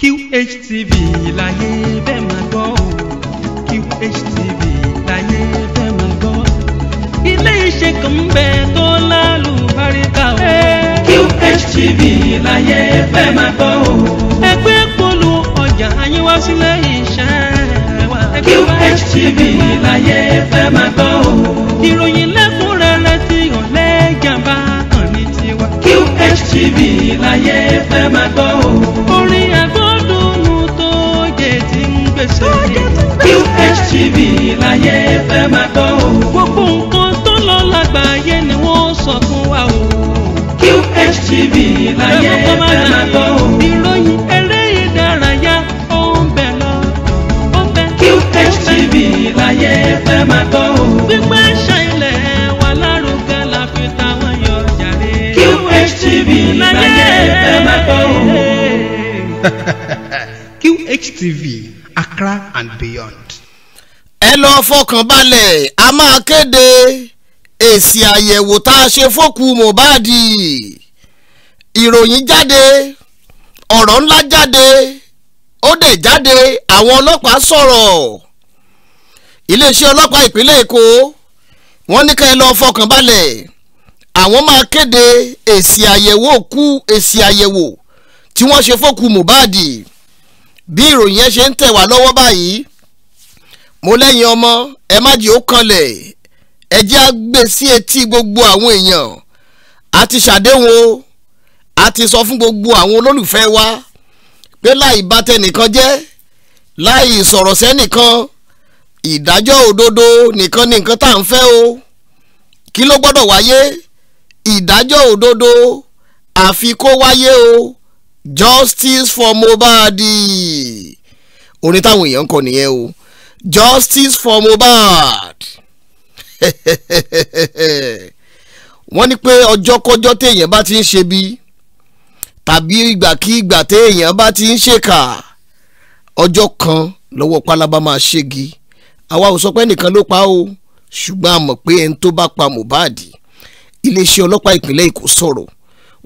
QHTV láyé bẹ́ẹ̀ máa gbọ́ QHTV láyé bẹ́ẹ̀ máa gbọ́. ilé iṣẹ́ kan bẹ tó lálùbáríkà o. QHTV láyé bẹ́ẹ̀ máa gbọ́ o. ẹgbẹ́ polu ọjà ayé wá iṣẹ́ wa. QHTV láyé bẹ́ẹ̀ máa gbọ́ o. ìròyìn lẹ́kùnrẹ́rẹ́ tí ọ̀lẹ́ jàmbá kan ní tiwa. QHTV láyé bẹ́ẹ̀ máa gbọ́ o. QHTV láyé fẹ́ máa gbọ́ o. gbogbo nǹkan tó lọ lágbàáyé ni wọ́n sọ fún wa o. QHTV láyé fẹ́ máa gbọ́ o. ìròyìn eré ìdárayá ó ń bẹ̀ lọ. ó bẹ̀ QHTV láyé fẹ́ máa gbọ́ o. gbígbẹ́ ṣẹlẹ̀ wà lárugẹ la fi táwọn yọ jàre. QHTV láyé fẹ́ máa gbọ́ o. QHTV Accra and beyond. ẹ lọ fọkàn balẹ̀ a máa kéde èsì àyẹ̀wò tá a ṣe fókù Mohbad ìròyìn jáde ọ̀rọ̀ ńlá jáde ó dẹ̀ jáde àwọn ọlọ́pàá sọ̀rọ̀ iléeṣẹ́ ọlọ́pàá ìpínlẹ̀ Èkó wọ́n ní ká ẹ lọ́ọ́ fọkàn balẹ̀ àwọn máa kéde èsì àyẹ̀wò òkú èsì àyẹ̀wò tí wọ́n ṣe fókù Mohbad bí ìròyìn yẹn ṣe ń tẹ̀ wá lọ́wọ́ báyìí mo lẹ́yìn ọmọ ẹ má jẹ́ ó kanlẹ̀ ẹ jẹ́ á gbé sí etí gbogbo àwọn èèyàn a ti ṣàdéhùn o a ti sọ fún gbogbo àwọn olólùfẹ́ wa pé láì bá tẹnìkan jẹ́ láì sọ̀rọ̀ sẹ́nìkan ìdájọ́ òdodo nìkan ni nǹkan tá à ń fẹ́ o kí ló gbọ́dọ̀ wáyé ìdájọ́ òdodo àfi wáyé o justice for Mohbad orin táwọn èèyàn ń kọ nìyẹn o justice for Mohbad wọ́n ní pé ọjọ́kọ́jọ́ téèyàn bá ti ń ṣe bí tàbí ìgbàkígbà téèyàn bá ti ń ṣèkà ọjọ́ kan lọ́wọ́ pálábá máa ṣégi àwa ò sọ pé ẹnìkan ló pa o ṣùgbọ́n a mọ̀ pé ẹni tó bá pa Mohbad iléeṣẹ́ ọlọ́pàá ìpínlẹ̀ Èkó sọ̀rọ̀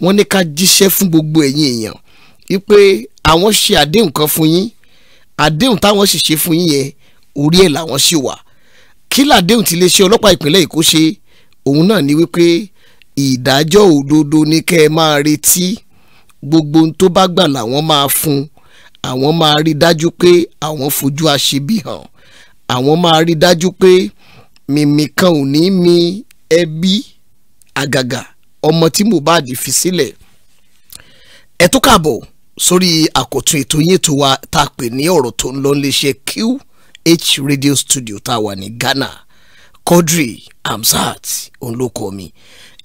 wọ́n ní ká jíṣẹ́ fún gbogbo ẹ̀yin èèyàn wípé àwọn ṣe àdéhùn kan fún yín àdéhùn táwọn sì ṣe fún yín yẹn orí ẹ̀ làwọn sì wà kí làdéhùn ti iléeṣẹ́ ọlọ́pàá ìpínlẹ̀ Èkó ṣe òun náà ni wípé ìdájọ́ òdodo ni kẹ́ ẹ máa retí gbogbo ohun tó bá gbà làwọn máa fún àwọn máa rí dájú pé àwọn fojú aṣebi hàn àwọn máa rí dájú pé mímì kan ò ní mi ẹbí àgàgà ọmọ tí Mohbad fi sílẹ̀ ẹ tó kàbọ̀ sórí àkótún ètò yín tó wa tá a pè ní ọ̀rọ̀ tó ń lọ níléeṣẹ́ QH radio studio tá a wà ní Ghana Quadri Hamzat òun ló kọ mi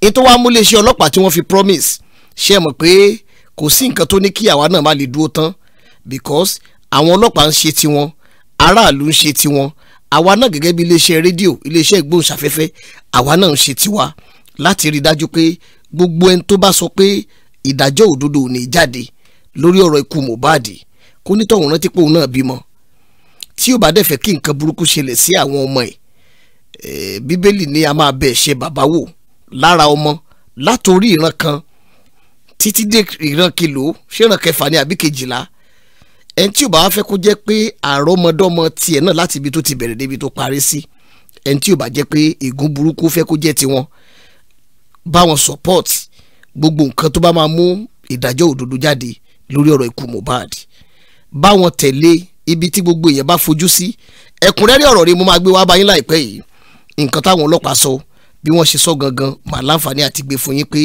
ètò wa mú iléeṣẹ́ ọlọ́pàá tí wọ́n fi promise ṣe mọ̀ pé kò sí nǹkan tó ní kí àwa náà má lè dúró tán because àwọn ọlọ́pàá ń ṣe tiwọn aráàlú ń ṣe tiwọn àwa náà gẹ́gẹ́ bí iléeṣẹ́ rédíò iléeṣẹ́ ìgbóhùnsáfẹ́fẹ́ àwa náà ń ṣe tiwa láti rí i dájú pé gbogbo ẹni tó bá sọ pé ìdájọ́ òdodo ò ní jáde lórí ọ̀rọ̀ ikú Mohbad kó nítọ̀hún rántí pé òun náà bímọ tí ó bá dẹ̀ fẹ́ kí nǹkan burúkú ṣẹlẹ̀ sí àwọn ọmọ ẹ̀ eh, bíbélì ni a máa bẹ̀ ṣe bàbá wò lára ọmọ látòrí ìran kan títí dé ìran kìlò ṣé ìran kẹfà ni àbí kejìlá ẹni tí ò bá fẹ́ kó jẹ́ pé àrọ́mọdọ́mọ tiẹ̀ náà láti ibi tó ti bẹ̀rẹ̀ débi tó parí sí ẹni tí ò bá jẹ́ pé ègún burúkú fẹ́ kó jẹ́ tiwọn bá wọn support gbogbo nǹkan tó bá máa mú ìdájọ́ òdodo jáde lórí ọ̀rọ̀ ikú Mohbad bá wọn tẹ̀lé ibi tí gbogbo èèyàn bá fojú sí ẹ̀kúnrẹ́rẹ́ ọ̀rọ̀ rẹ̀ mo máa gbé wá bá yín láìpẹ́ yìí nǹkan táwọn ọlọ́pàá sọ bí wọ́n ṣe sọ gangan màá láǹfààní àti gbé fún yín pé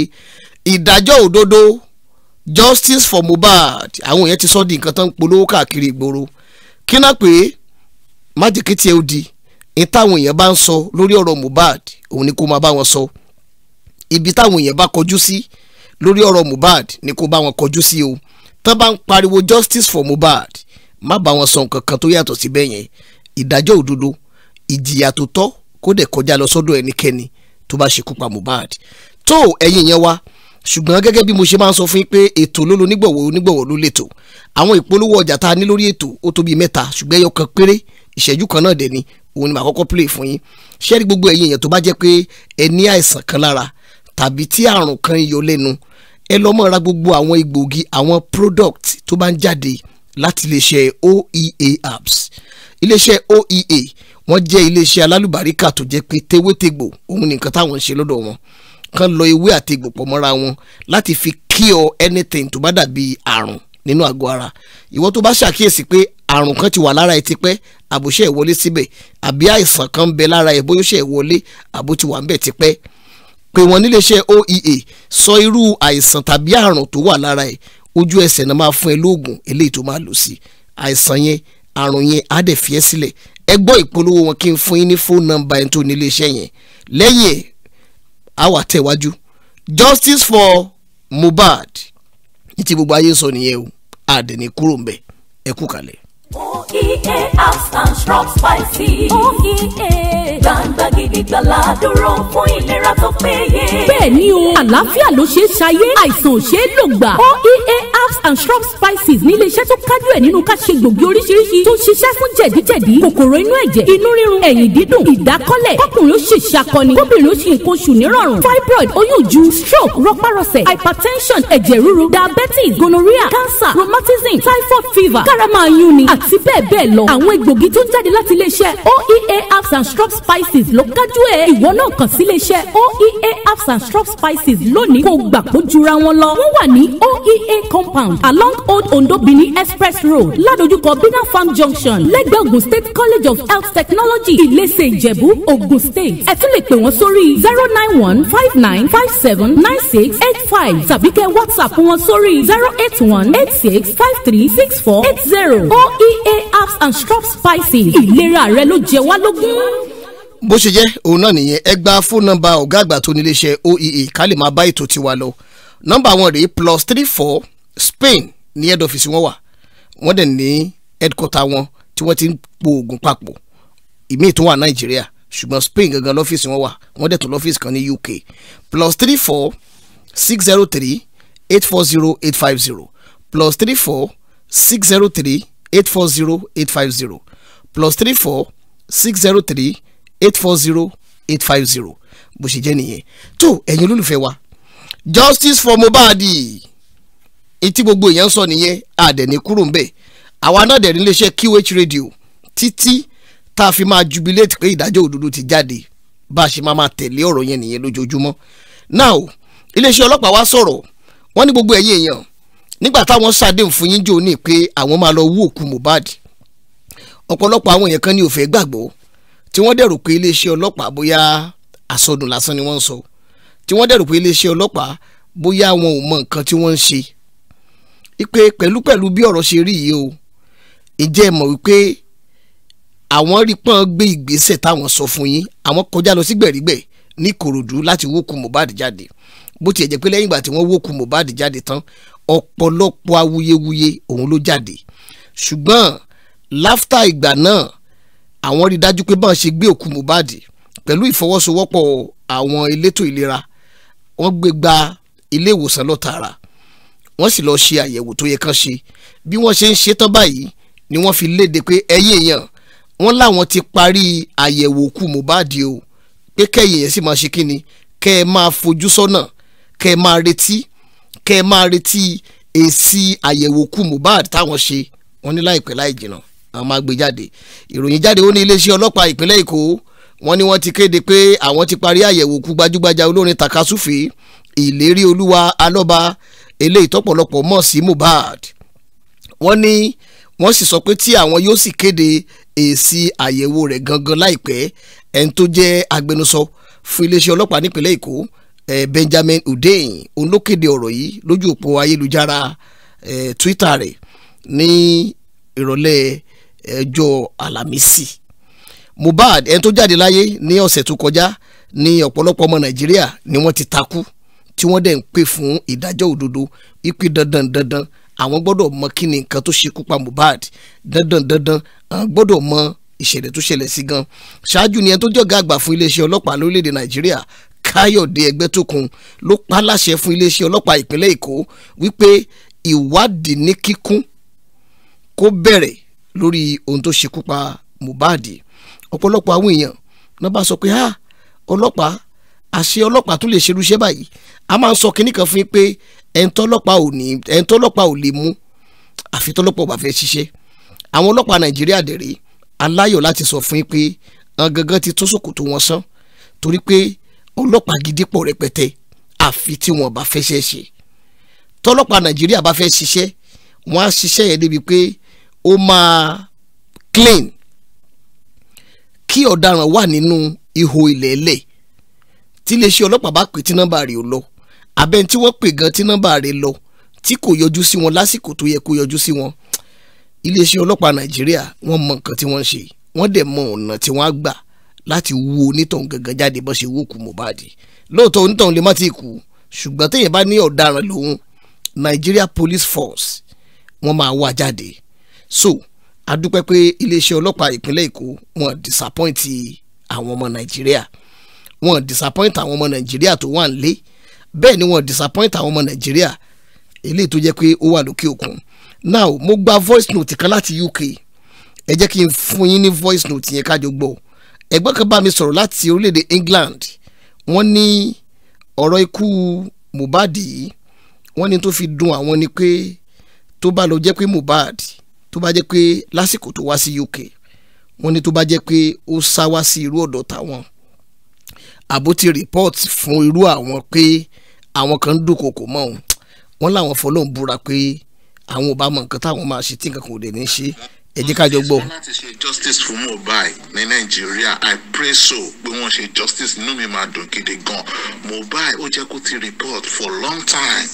ìdájọ́ òdodo justice for Mohbad àwọn èèyàn ti sọ di nǹkan tó ń polówó káàkiri ìgboro kí náà pé májèkétì ẹ ó di ní táwọn èèyàn bá ń sọ lórí ọ̀rọ̀ Mohbad òun ni kó máa bá wọn sọ ibi táwọn èèyàn bá kọjú sí lórí ọ̀rọ̀ Mohbad ni kó bá wọn kọjú sí o tán bá ń pariwo justice for Mohbad má bá wọn sọ nǹkan kan tó yàtọ̀ síbẹ̀ yẹn ìdájọ́ òdodo ìjìyà tó tọ́ kó dẹ̀ kọjá lọ sọ́dọ̀ ẹnikẹ́ni tó bá ṣekú pa Mohbad tó ẹ̀yin yẹn wá ṣùgbọ́n gẹ́gẹ́ bí mo ṣe máa ń sọ fún yín pé ètò ló lo nígbọ̀wọ́ ló lètò àwọn ìpolówó ọjà tá a ní lórí ètò ó tó mẹ́ta ṣùgbọ́n ẹyọ kan péré ìṣẹ́jú kan náà dẹ̀ ni òun ni màá kọ́kọ́ play fún yín ṣẹ́ẹ́rì gbogbo ẹ̀yin èèyàn tó bá jẹ́ pé ẹ ní àìsàn kan lára tàbí tí àrùn kan yọ lẹ́nu ẹ lọ́ mọ́ ra gbogbo àwọn egbògi àwọn product tó bá ń jáde láti iléeṣẹ́ OEA apps iléeṣẹ́ OEA wọ́n jẹ́ iléeṣẹ́ alálùbáríkà tó jẹ́ pé tewétegbò òun nìkan táwọn ń ṣe lọ́dọ̀ wọn kàn lọ ewé àti egbò pọ̀ mọ́ra wọn láti fi cure anything tó bá dàbí àrùn nínú àgọ́ ara ìwọ tó bá ṣàkíyèsí pé àrùn kan ti wà lára ẹ ti pẹ́ àbòṣe ìwọlé síbẹ̀ àbí àìsàn kan ń bẹ lára ẹ bóyá ṣe ìwọlé àbó ti wà ń bẹ ti pẹ́ pé wọ́n níléeṣẹ́ oea sọ irú àìsàn tàbí àrùn tó wà lára ẹ̀ ojú ẹsẹ̀ náà máa fún ẹ lóògùn eléyìí tó máa lò sí àìsàn yẹn àrùn yẹn á dẹ̀ fi ẹ́ sílẹ̀ ẹ gbọ́ ìpolówó wọn kí n fún yín ní fóònù nọ́mbà ẹni tó níléeṣẹ́ yẹn lẹ́yìn ẹ̀ á wà tẹ̀wájú justice for Mohbad ní ti gbogbo ayé sọ nìyẹn o àdẹ̀ni kúrò ń bẹ̀ ẹ kú kalẹ̀ oea herbs and shrub spices. oea gbangba gidi gbala dúró fún ìlera tó péye. bẹ́ẹ̀ ni o àlàáfíà ló ṣe é ṣayé àìsàn ò ṣe é lò oea herbs and shrub spices ní iléeṣẹ́ tó kájú ẹ̀ nínú ká ṣe gbòógì oríṣiríṣi tó ń ṣiṣẹ́ fún jẹ̀díjẹ̀dí kòkòrò inú ẹ̀jẹ̀ inú rírun ẹ̀yìn dídùn ìdákọ́lẹ̀ kọkùnrin ó ṣe ṣàkọni kóbìnrin ó ṣe nǹkan oṣù nírọ̀rùn fibroid oyún ju stroke rọpárọsẹ̀ hypertension ẹ̀jẹ̀ ríru diabetes gonorrhea cancer rheumatism typhoid fever karama ayuni àti bẹ́ẹ̀ bẹ́ẹ̀ lọ àwọn egbògi tó ń jáde láti iléeṣẹ́ oea herbs and shrub spices ló kájú ẹ̀ ìwọ náà kàn sí iléeṣẹ́ oea herbs and shrub spices lónìí kó gbà kó jura wọn lọ wọ́n wà ní oea company compound along old ondo benin express road ladojukọ bina farm junction lẹ́gbẹ̀ẹ́ ogun state college of health technology ilese ìjẹ̀bú ogun state ẹ tún lè sórí zero nine one five nine five seven nine six eight five tàbí kẹ́ whatsapp wọn sórí zero eight one eight six five three six four eight zero oea apps and strop spices ìlera rẹ ló jẹ wá lógún bó ṣe jẹ́ òun náà nìyẹn ẹ gba fóònù nọ́mbà ọ̀gá àgbà tó níléeṣẹ́ oea ká lè máa bá ètò tiwa lọ nọ́mbà wọn rèé plus three four Spain ní head office wọn wà wọ́n dẹ̀ ní headquarter wọn tí wọ́n ti ń po oògùn papọ̀ ìmíì tó wà Nàìjíríà ṣùgbọ́n Spain gangan lọ́fíìsì wọn wà wọ́n dẹ̀ tún lọ́fíìsì kan ní UK plus three four six zero three eight four zero eight five zero plus three four six zero three eight four zero eight five zero plus three four six zero three eight four zero eight five zero bó ṣe jẹ́ nìyẹn tó ẹ̀yin olólùfẹ́ wa justice for Mohbad ìtí gbogbo èèyàn sọ nìyẹn àdẹ̀ni kúrò ń bẹ̀ àwa náà dẹ̀ níléeṣẹ́ QH radio títí tá a fi máa jubilate pé ìdájọ́ òdodo ti jáde bá a ṣe máa tẹ̀lé ọ̀rọ̀ yẹn nìyẹn lójoojúmọ́ now iléeṣẹ́ ọlọ́pàá wa sọ̀rọ̀ wọ́n ní gbogbo ẹ̀yin èèyàn nígbà táwọn ṣàdéhùn fún yín jò ní pé àwọn máa lọ wú òkú Mohbad ọ̀pọ̀lọpọ̀ àwọn èèyàn kan ní ó fẹ́ gbàgbọ́ tí wọ́n dẹ̀ rò pé iléeṣẹ́ ọlọ́pàá bóyá àsọdùn lásán ni wọ́n ń sọ tí wọ́n dẹ̀ pé iléeṣẹ́ ọlọ́pàá bóyá wọn ò mọ nǹkan tí wọ́n ń ṣe wípé pẹ̀lúpẹ̀lú bí ọ̀rọ̀ ṣe rí yìí o ìjẹ́ mọ̀ wípé àwọn rí pọ́n gbé ìgbésẹ̀ táwọn sọ fún yín àwọn kọjá lọ sí gbẹ̀rígbẹ̀ ní Ìkòròdú láti wókù Mohbad jáde bó tiẹ̀ jẹ́ pé lẹ́yìn ìgbà tí wọ́n wókù Mohbad jáde tán ọ̀pọ̀lọpọ̀ awuyewuye òun ló jáde ṣùgbọ́n láftà ìgbà náà àwọn rí dájú pé báwọn ṣe gbé òkú Mohbad pẹ̀lú ìfọwọ́sowọ́pọ̀ àwọn elétò ìlera wọ́n gbé gba ilé ìwòsàn lọ wọ́n sì lọ́ọ́ ṣe àyẹ̀wò tó yẹ kán ṣe bí wọ́n ṣe ń ṣe tán báyìí ni wọ́n fi léde pé ẹ̀yin èèyàn wọ́n láwọn ti parí àyẹ̀wò òkú Mohbad o pé kẹ́yìn yẹn sì máa ṣe kíni kẹ́ ẹ máa fojú sọ́nà kẹ́ ẹ máa retí kẹ́ ẹ máa retí èsì àyẹ̀wò òkú Mohbad táwọn ṣe wọ́n ní láìpẹ́ láì jìnnà àwọn máa gbé jáde ìròyìn jáde ó ní iléeṣẹ́ ọlọ́pàá ìpínlẹ̀ Èkó wọ́n ní wọ́n ti kéde pé àwọn ti parí àyẹ̀wò òkú gbajúgbajà olórin takasúfèé ìlérí olúwa alọ́ba eléyìí tọ́pọ̀lọpọ̀ mọ̀ sí Mohbad wọ́n ní wọ́n sì sọ pé tí àwọn yóò sì kéde èsì àyẹ̀wò rẹ̀ gangan láìpẹ́ ẹni tó jẹ́ agbẹnusọ fún iléeṣẹ́ ọlọ́pàá nípínlẹ̀ Èkó Benjamin Hundeyin òun ló kéde ọ̀rọ̀ yìí lójú òpó ayélujára Twitter rẹ̀ ní ìrọ̀lẹ́ ẹjọ́ Àlàmísì Mohbad ẹni tó jáde láyé ní ọ̀sẹ̀ tó kọjá ní ọ̀pọ̀lọpọ̀ ọmọ Nàìjíríà ni wọ́n ti takú tí wọ́n dẹ̀ ń pè fún ìdájọ́ òdodo ipe dandan dandan àwọn gbọ́dọ̀ mọ kí ni nǹkan tó ṣekú pa Mohbad dandan dandan àwọn gbọ́dọ̀ mọ ìṣẹ̀lẹ̀ tó ṣẹlẹ̀ sí gan ṣáájú ni ẹni tó jọ̀gá àgbà fún iléeṣẹ́ ọlọ́pàá lórílẹ̀‐èdè Nàìjíríà Káyọ̀dé Ẹgbẹ́tókun ló pa láṣẹ fún iléeṣẹ́ ọlọ́pàá ìpínlẹ̀ Èkó wípé ìwádìí ní kíkún kó bẹ̀rẹ̀ lórí ohun tó ṣekú pa Mohbad ọ̀pọ̀lọpọ̀ àwọn èèyàn náà bá sọ pé ọlọ́pàá àṣẹ ọlọ́pàá tó lè ṣerú iṣẹ́ báyìí a máa ń sọ kinní kan fún yín pé ẹ̀ńtọ́lọ́pàá ò ní ẹ̀ńtọ́lọ́pàá ò lè mú àfi tọ́lọ́pàá ò bá fẹ́ ṣiṣẹ́ àwọn ọlọ́pàá nàìjíríà dẹ̀rẹ́ aláyọ̀ láti sọ fún yín pé ọ̀gangan ti tún ṣòkòtò wọn sán torí pé ọlọ́pàá gidi pọ̀ rẹpẹtẹ àfi tí wọn bá fẹ́ ṣe ṣe tọ́lọ́pàá nàìjíríà bá fẹ́ ṣiṣẹ́ wọn á ṣiṣẹ́ yẹn débi pé ó máa clean kí ọ̀daràn wà nínú ihò ilẹ̀ ẹlẹ́ẹ̀ tí iléeṣẹ́ ọlọ́pàá bá pè tí nọ́mbà rẹ̀ lọ abẹ́ni tí wọ́n pè gan tí nọ́mbà rẹ̀ lọ tí kò yọjú sí wọn lásìkò tó yẹ kó yọjú sí wọn iléeṣẹ́ ọlọ́pàá nàìjíríà wọ́n mọ nǹkan tí wọ́n ń ṣe wọ́n dẹ̀ mọ ọ̀nà tí wọ́n á gbà láti wú onítọ̀hún gangan jáde bó ṣe wókù Mohbad lóòótọ́ onítọ̀hún lè má ti kú ṣùgbọ́n téèyàn bá ní ọ̀daràn lòun Nigeria Police Force wọ́n máa wá jáde so a dúpẹ́ pé iléeṣẹ́ ọlọ́pàá ìpínlẹ̀ Èkó wọn disappoint àwọn ọmọ Nàìjíríà wọn disappoint àwọn ọmọ nàìjíríà tó wà ń lé bẹ́ẹ̀ ni wọn disappoint àwọn ọmọ nàìjíríà eléyìí tó jẹ́ pé ó wà lókè òkun now mo gba voice note kan láti UK ẹ jẹ́ kí n fún yín ní voice note yẹn kájọ gbọ́ ẹ̀gbọ́n kan bá mi sọ̀rọ̀ láti orílẹ̀-èdè England wọ́n ní ọ̀rọ̀ ikú Mohbad yìí wọ́n ní tó fi dùn àwọn ni pé tó bá lọ jẹ́ pé Mohbad tó bá jẹ́ pé lásìkò tó wá sí UK wọ́n ní tó bá jẹ́ pé ó sá wá sí irú ọ̀dọ̀ tàwọn àbótí report fún irú àwọn pé àwọn kan ń dúnkokò mọ́ òun wọ́n láwọn fọlọ́n búra pé àwọn ò bá mọ nǹkan táwọn máa ṣe tí nǹkan kò dé ní ṣe ẹ jẹ́ ká jọ gbọ́. wọ́n láti ṣe justice fún Mobile. ní nàìjíríà i pray so pé wọ́n ṣe justice inú mi máa dùn gidi gan Mohbad ó jẹ́ kó ti report for long time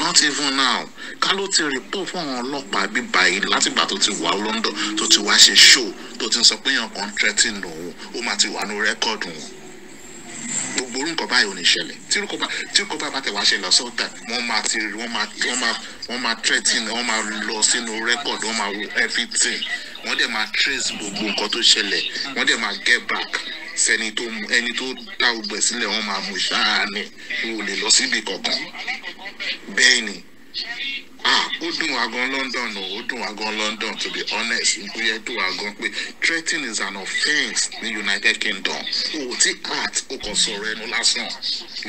not even now ká ló ti report fún àwọn ọlọ́pàá bí báyìí látìgbà tó ti wà London tó ti wá ṣe show tó ti sọ pé èèyàn kan threatening òun ó máa ti wà ní rẹ́kọ̀dù wọn gbogbo orú nǹkan báyìí ò ní ṣẹlẹ̀ tí orúkọ bá tí orúkọ bá bá tẹ̀ wá ṣẹlẹ̀ ọ̀sán tà wọ́n máa ti wọ́n máa wọ́n máa wọ́n máa threatening wọ́n máa lọ sínú record wọ́n máa wo everything wọ́n dẹ̀ máa trace gbogbo nǹkan tó ṣẹlẹ̀ wọ́n dẹ̀ máa get back sẹ́ni tó ẹni tó dá ogbẹ̀ sílẹ̀ wọ́n máa mú ṣáà ni wọ́n ò lè lọ síbi kankan bẹ́ẹ̀ ni. Ah, ó dùn wá gan London o ó dùn wá gan London to be honest ó yẹ dùn wá gan pé threatening is an offence ní United Kingdom o ti act o kàn sọ̀rọ̀ ẹnu lásán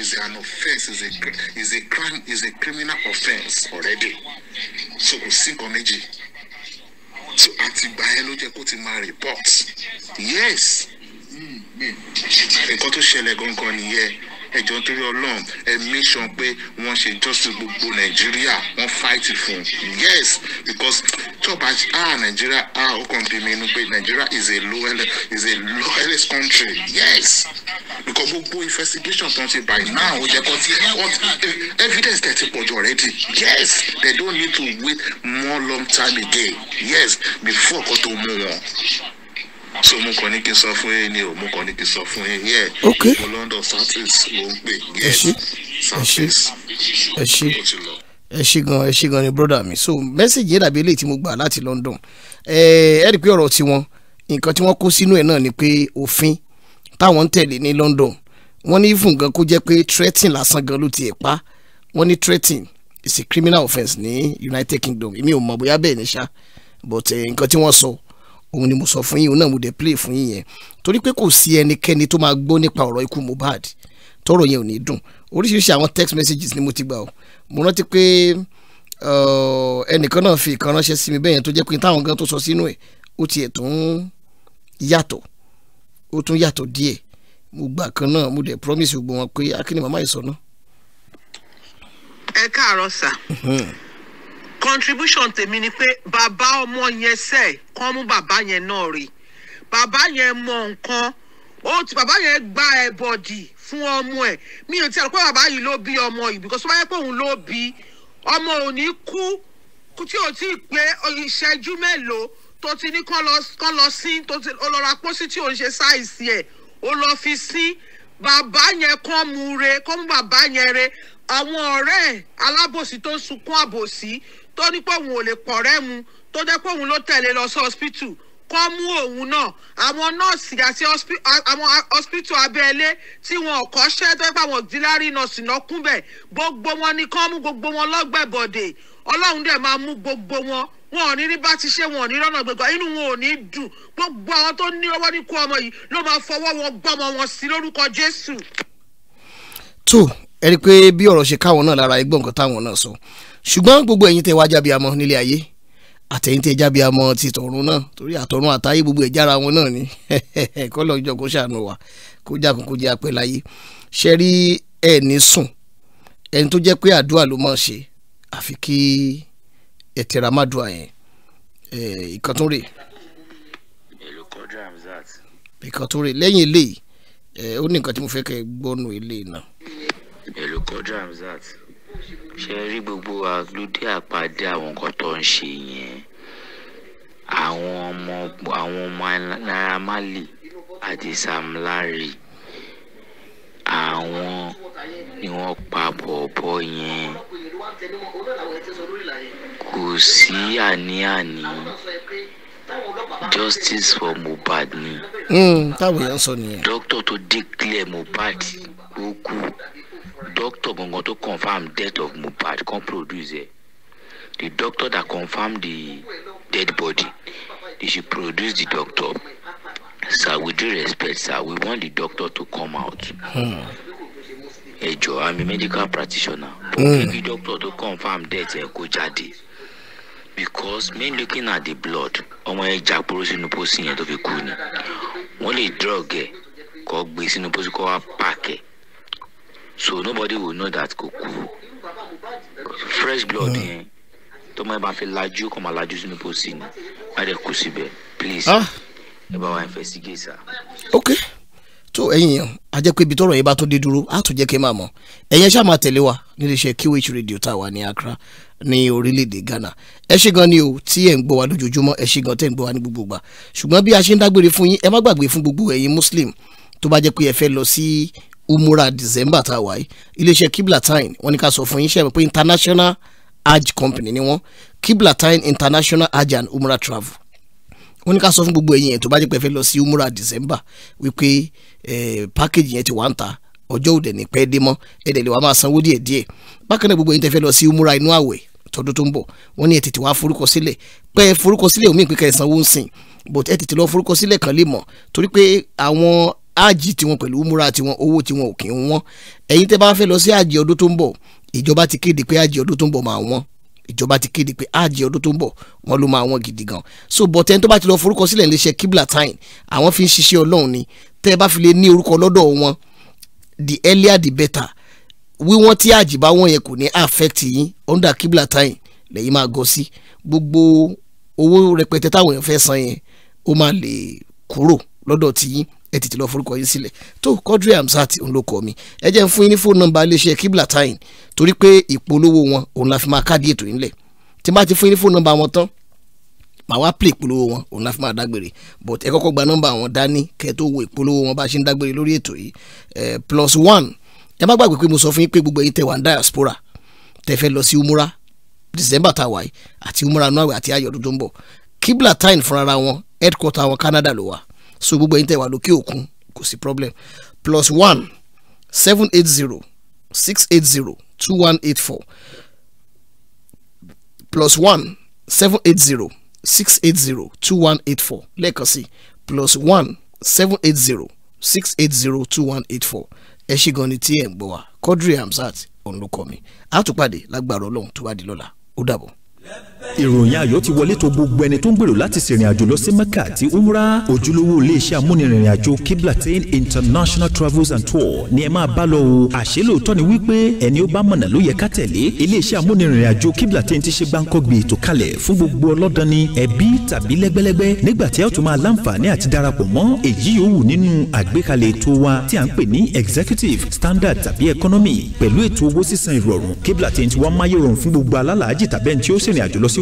is an offence is a is a crime is a criminal offence already so kò sí nǹkan méjì so àtìgbà yẹn ló jẹ́ kó ti máa report yes hmm, hmm. nǹkan tó ṣẹlẹ̀ gangan nìyẹn ẹjọ́ nítorí ọlọ́run ẹ make sure pé wọ́n ṣe justice gbogbo nàìjíríà wọ́n fight fún yes because chop as ah nàìjíríà ah ó kàn bí mi inú pé nàìjíríà is a lowest is a lowest country yes because gbogbo investigation tó ń ṣe by now ó yẹ kó ti evidence tẹ̀ ti pọ̀ jù already yes they don't need to wait more long time again yes before kó tó mú wọn so mo kàn ní kí n sọ fún yín ni o mo kàn ní kí n sọ fún yín yẹ mo london southeast ló ń pè yẹ southeast ó ti lọ ẹ ṣe gan ẹ ṣe gan ni broda mi so mẹ́sẹ̀gì yẹn dàbí eléyìí tí mo gbà láti London ẹ ẹ rí i pé ọ̀rọ̀ tiwọn nǹkan tí wọ́n kó sínú ẹ̀ náà ni pé òfin táwọn ń tẹ̀lé ní London wọ́n ní fún gan kó jẹ́ pé threatening lásán gan ló ti ẹ̀ pa wọ́n ní threatening is a criminal offence ní United Kingdom èmi ò mọ̀ bóyá bẹ́ẹ̀ ni ṣá but nǹkan tí wọ́n sọ òun ni mo sọ fún yín òun náà mo dẹ̀ play fún yín yẹn torí pé kò sí ẹnikẹ́ni tó máa gbọ́ nípa ọ̀rọ̀ ikú Mohbad tọ̀rọ̀ yẹn ò ní dùn oríṣiríṣi àwọn text messages ni mo ti gbà o mo rántí pé uh, ẹnìkan náà fi ìkan ránṣẹ́ sí mi bẹ́ẹ̀ yẹn tó jẹ́ pé táwọn gan tó sọ sínú ẹ̀ ó tiẹ̀ tún yàtọ̀ ó tún yàtọ̀ díẹ̀ mo gbà kan náà mo dẹ̀ promise gbogbo wọn pé akínní màmá ìsọ̀nà. ẹ káàárọ̀ sà contribution tèmi ni pé bàbá ọmọ yẹn sẹ kàn mú bàbá yẹn náà rè bàbá yẹn mọ nǹkan ó ti bàbá yẹn gba ẹbọdì fún ọmọ ẹ mi ò tí a rò pé bàbá yìí ló bí ọmọ yìí because báyẹn pé òun ló bí ọmọ ò ní kú kú tí ò tí ì pé ìṣẹ́jú mélòó tó ti ní kán lọ sí tó ti olóra pósí tí ò ń ṣe sáìsì ẹ̀ ó lọ fi sí bàbá yẹn kán mu re kán mú bàbá yẹn re àwọn ọ̀rẹ́ alábòsí tó ń sunkún àbòsí tó ní pé òun ò lè pọ̀ rẹ́ mu tó jẹ́ pé òun ló tẹ̀lé lọ sí hospital kọ́ mú òun náà àwọn nọ́ọ̀sì àti àwọn hospital abẹ́lé tí wọn ò kọ́ṣẹ́ tó pé àwọn auxiliary nọ́ọ̀sì náà kún bẹ̀ gbogbo wọn ni kán mú gbogbo wọn lọ́gbẹ̀bọ̀dẹ̀ ọlọ́run dẹ̀ máa mú gbogbo wọn wọn ò ní rí bá ti ṣe wọn ò ní rọ́nà gbẹ̀gbọ́ inú wọn ò ní dùn gbogbo àwọn tó ní ọwọ́ ní kú ọmọ yìí ló máa fọwọ́ wọn gbọ́mọ wọn sí lórúkọ jésù. tó ẹ rí i pé bí ọ̀rọ̀ ṣe káwọn náà lára ẹgbọ́n nǹkan táwọn náà sọ ṣùgbọ́n gbogbo ẹ̀yin tẹ́ wá jábíamọ nílé ayé àtẹ̀yìn tẹ́ jábíamọ ti tọ̀run náà torí àtọ̀run àtayé gbogbo ẹ̀ wọn náà ni kọ́lọ̀ ìjọ kó ṣàánú wa kó jákun kó jẹ́ apẹ́ láyé ṣe rí ẹ̀ ní sùn ẹni tó jẹ́ pé àdúrà ló máa ṣe àfi kí ẹ má dùn àyẹn ìkan tó rè ìkan tó rè lẹ́yìn eléyìí ó ní nǹkan tí mo fẹ́ kẹ́ gbọ́nu eléyìí náà pẹ̀lú Quadri Hamzat ṣe rí gbogbo àlùdé àpàdé àwọn nǹkan tó ń ṣe yẹn àwọn ọmọ àwọn ọmọ Naira Marley àti Sam Larry àwọn ni wọ́n pa bọ̀bọ̀ yẹn kò sí àní-àní justice for Mohbad ni. Hmm, táwọn èèyàn sọ nìyẹn. dókítà tó declare Mohbad ó kú doctor gangan to confirm death of Mohbad kan produce ẹ eh. the doctor that confam the dead body they should produce the doctor sir with due respect sir we want the doctor to come out. Hmm. ẹ i'm a medical practitioner. but mm. maybe doctor to confirm death ẹ eh, kó jáde because me looking at the blood ọmọ yẹn jà poro sínú pósí yẹn tó fi kú ni wọ́n lè drug ẹ kó gbé sínú pósí kó wá pààkẹ́ so nobody will know that kò fresh blood yẹn tó máa bá fi lajú kó máa lajú sínú pósí ni má dẹ̀ kú síbẹ̀ please ah. ẹ bá wa investigate sir. ok tó ẹ̀yin yẹn a jẹ́ pé ibi tọ́rọ̀ yẹn bá tó dé dúró á tún jẹ́ kí n máa mọ̀ ẹ̀yin ṣáà máa tẹ̀lé wa nílé iṣẹ́ QH radio tá a wà ní Accra ní orílẹ̀-èdè Ghana ẹ ṣé gan ni o tí ẹ̀ ń gbọ́ wa lójoojúmọ́ ẹ ṣé gan tẹ̀ ń gbọ́ wa ní gbogbo ìgbà ṣùgbọ́n bí a ṣe ń dágbére fún yín ẹ má gbàgbé fún gbogbo ẹ̀yin Muslim tó bá jẹ́ pé ẹ fẹ́ lọ sí umura december tá a wà yìí iléeṣẹ́ kiblatine wọ́n ní ká sọ fún yín ṣe pé international hajj company ni wọ́n kiblatine international hajj and umura travel wọ́n ní ká sọ fún gbogbo ẹ̀yin yẹn tó bá jẹ́ pé fẹ́ lọ sí umura december wípé package yẹn ti wà ń ta ọjọ́ òde ní pẹ́ẹ́ dé mọ́ ẹ̀dẹ̀ lè wàá máa sanwó díẹ̀ díẹ̀ bákan náà gbogbo ẹ̀yin tẹ́ fẹ́ lọ sí umura inú àwẹ̀ tọdún tó ń bọ̀ wọ́n ní ẹ̀ tètè wá forúkọ sílẹ̀ pé forúkọ sílẹ̀ omi ìpínkà ìsanwó ń sìn but ẹ̀ tètè lọ forúkọ sílẹ̀ kan lè mọ̀ torí pé àwọn ájì tiwọn pẹ̀lú múra tiwọn owó tiwọn ò kí ń wọ́n ẹ̀yin tẹ́ bá fẹ́ lọ sí ájì ọdún tó ń bọ̀ ìjọba ti kéde pé ájì ọdún tó ń bọ̀ máa wọ́n ìjọba ti kéde pé ájì ọdún tó ń bọ̀ wọ́n ló máa wọ́n gidi gan so bọ̀tẹ́ tó bá ti lọ forúkọ sílẹ̀ léṣe Kiblatine àwọn fi ń ṣiṣẹ́ ọlọ́run ni tẹ́ bá fi lè ní orúkọ lọ́dọ̀ wọn the earlier the better wíwọ́n tí ájì bá wọ́n yẹn kò ní affect yín under Kiblatine lẹ́yìn máa gọ sí gbogbo owó rẹpẹtẹ táwọn èèyàn fẹ́ san yẹn ó máa lè kúrò lọ́dọ̀ tiyín ẹ tètè lọ forúkọ yín sílẹ̀ tó Quadri Hamzat òun ló kọ́ mi ẹ jẹ́ ń fún yín ní fóònù nọ́mbà iléeṣẹ́ Kibla Time torí pé ìpolówó wọn òun la fi máa káàdì ètò yín lẹ̀ tí bá ti fún yín ní fóònù nọ́mbà wọn tán màá wá play ìpolówó wọn òun la fi máa dágbére but ẹ kọ́kọ́ gba nọ́mbà wọn dání kẹ́ tó wo ìpolówó wọn bá ṣe ń dágbére lórí ètò yìí plus one ẹ má gbàgbé pé mo sọ fún yín pé gbogbo ẹ̀yin tẹ́ wà ní diaspora tẹ́ fẹ́ lọ sí umura Kibla Time fúnra wọn headquarter wọn Canada ló so gbogbo ẹ̀yin tẹ́ wà lókè òkun kò sí problem plus one seven eight zero six eight zero two one eight four plus one seven eight zero six eight zero two one eight four lẹ́ẹ̀kan sí plus one seven eight zero six eight zero two one eight four ẹ ṣé gan ni tí ẹ ń gbọ́ wa Quadri Hamzat òun ló kọ mi àtúpàdé lágbára Ọlọ́run tó bá di lọ́la ó dàbọ̀ ìròyìn ayọ̀ ti wọlé tó gbogbo ẹni tó ń gbèrò láti ṣèrìn àjò lọ sí mecca àti umrah ojúlówó iléeṣẹ́ amúnirìnrìn àjò kiblatin international travels and tour ni ẹ máa bá lọ o àṣé lóòótọ́ ni wípé ẹni ó bá mọ̀nà ló yẹ ká tẹ̀lé iléeṣẹ́ amúnirìnrìn àjò kiblatin ti ṣe gbáǹkọ́ gbé ètò kalẹ̀ fún gbogbo ọlọ́dani ẹbí tàbí lẹ́gbẹ́lẹ́gbẹ́ nígbà tí ẹ tún máa láǹfààní àti darapọ̀ mọ́ èyí yòówù nínú àgbékalẹ̀ ètò wa tí à ń pè ní executive standard tàbí economy pẹ̀lú ètò owó sísan ìrọ̀rùn kiblatin ti wá máyé rọrùn fún gbogbo alálàájì tàbẹ́ni tí ó ṣèrìn àjò lọ sí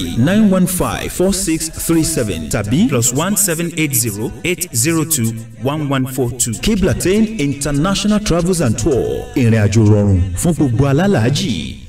three nine one five four six three seven Tabi plus one seven eight zero eight zero two one one four two. Kiblatain International Travels and Tour ìrìn àjò rọrùn fún gbogbo alálàájì.